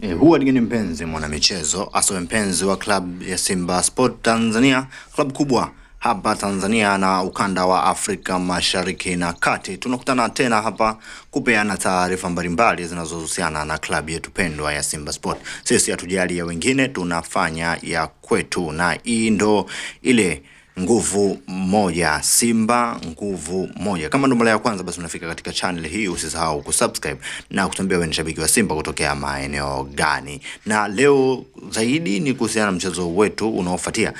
E, huwa ni mpenzi mwanamichezo asowe mpenzi wa klabu ya Simba Sport Tanzania, klabu kubwa hapa Tanzania na ukanda wa Afrika Mashariki na Kati. Tunakutana tena hapa kupeana taarifa mbalimbali zinazohusiana na klabu yetu pendwa ya Simba Sport. Sisi hatujali ya wengine, tunafanya ya kwetu, na hii ndo ile nguvu moja Simba nguvu moja. Kama ndo mara ya kwanza basi unafika katika channel hii, usisahau kusubscribe na kutuambia wewe ni shabiki wa Simba kutokea maeneo gani. Na leo zaidi ni kuhusiana na mchezo wetu unaofuatia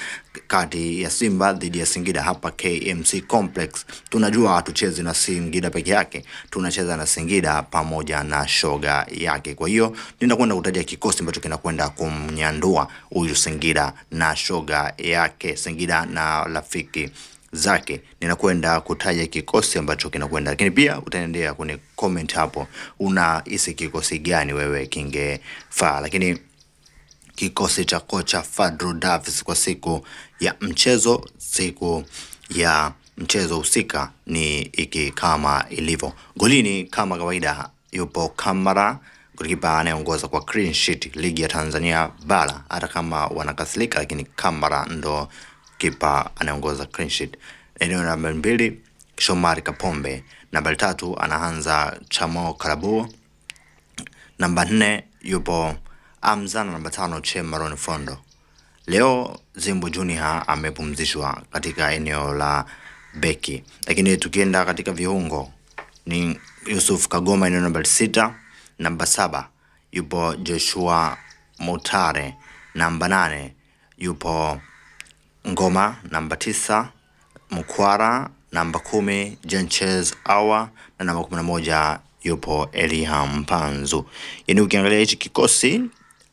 kati ya Simba dhidi ya Singida hapa KMC Complex. Tunajua hatuchezi na Singida peke yake, tunacheza na Singida pamoja na shoga yake. Kwa hiyo ninakwenda kutaja kikosi ambacho kinakwenda kumnyandua huyu Singida na shoga yake, Singida na rafiki zake. Ninakwenda kutaja kikosi ambacho kinakwenda, lakini pia utaendelea kuni comment hapo, unahisi kikosi gani wewe kingefaa, lakini kikosi cha kocha Fadlu Davis kwa siku ya mchezo. Siku ya mchezo husika ni iki kama ilivyo. Golini kama kawaida yupo Kamara, golikipa anayeongoza kwa clean sheet ligi ya Tanzania bara, hata kama wanakasilika, lakini Kamara ndo kipa anayeongoza clean sheet. Eneo namba mbili Shomari Kapombe, namba tatu anaanza Chamo Karabu, namba nne yupo amzana namba tano Che Maron Fondo. Leo Zimbo Junior amepumzishwa katika eneo la beki, lakini tukienda katika viungo ni Yusuf Kagoma eneo namba sita. Namba saba yupo Joshua Mutare, namba nane yupo Ngoma, namba tisa Mkwara, namba kumi Jenches Awa na namba kumi na moja yupo Eliam Panzu. Yaani ukiangalia hichi kikosi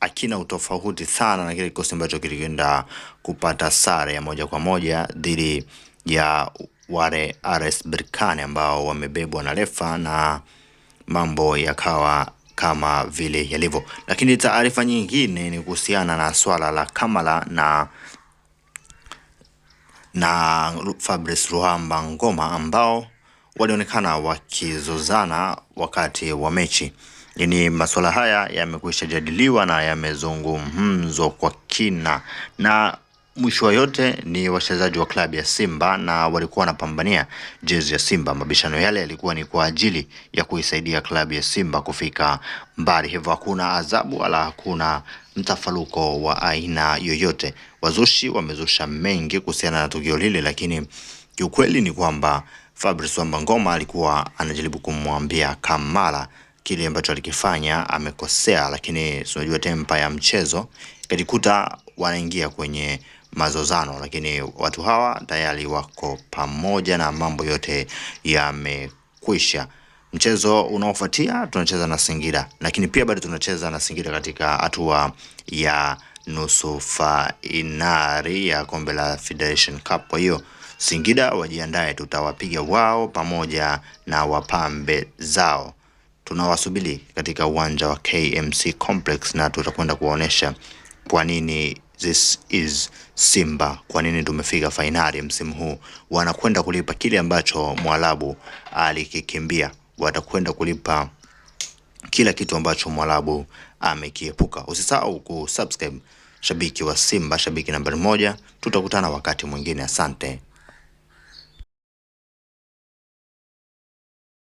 akina utofauti sana na kile kikosi ambacho kilikwenda kupata sare ya moja kwa moja dhidi ya wale RS Berkane ambao wamebebwa na refa na mambo yakawa kama vile yalivyo. Lakini taarifa nyingine ni kuhusiana na swala la Kamala na na Fabrice Ruhamba Ngoma ambao walionekana wakizozana wakati wa mechi ni yaani masuala haya yamekwisha jadiliwa na yamezungumzwa kwa kina, na mwisho wa yote ni wachezaji wa klabu ya Simba na walikuwa wanapambania jezi ya Simba. Mabishano yale yalikuwa ni kwa ajili ya kuisaidia klabu ya Simba kufika mbali, hivyo hakuna adhabu wala hakuna mtafaruko wa aina yoyote. Wazushi wamezusha mengi kuhusiana na tukio lile, lakini kiukweli ni kwamba Fabrice Wamba Ngoma alikuwa anajaribu kumwambia kamala kile ambacho alikifanya amekosea, lakini unajua tempa ya mchezo ikajikuta wanaingia kwenye mazozano, lakini watu hawa tayari wako pamoja na mambo yote yamekwisha. Mchezo unaofuatia tunacheza na Singida, lakini pia bado tunacheza na Singida katika hatua ya nusu fainali ya kombe la Federation Cup. Kwa hiyo Singida wajiandae, tutawapiga wao pamoja na wapambe zao tunawasubiri katika uwanja wa KMC Complex na tutakwenda kuwaonyesha kwa nini this is Simba, kwa nini tumefika fainali msimu huu. Wanakwenda kulipa kile ambacho Mwarabu alikikimbia, watakwenda kulipa kila kitu ambacho Mwarabu amekiepuka. Usisahau kusubscribe, shabiki wa Simba, shabiki nambari moja. Tutakutana wakati mwingine, asante.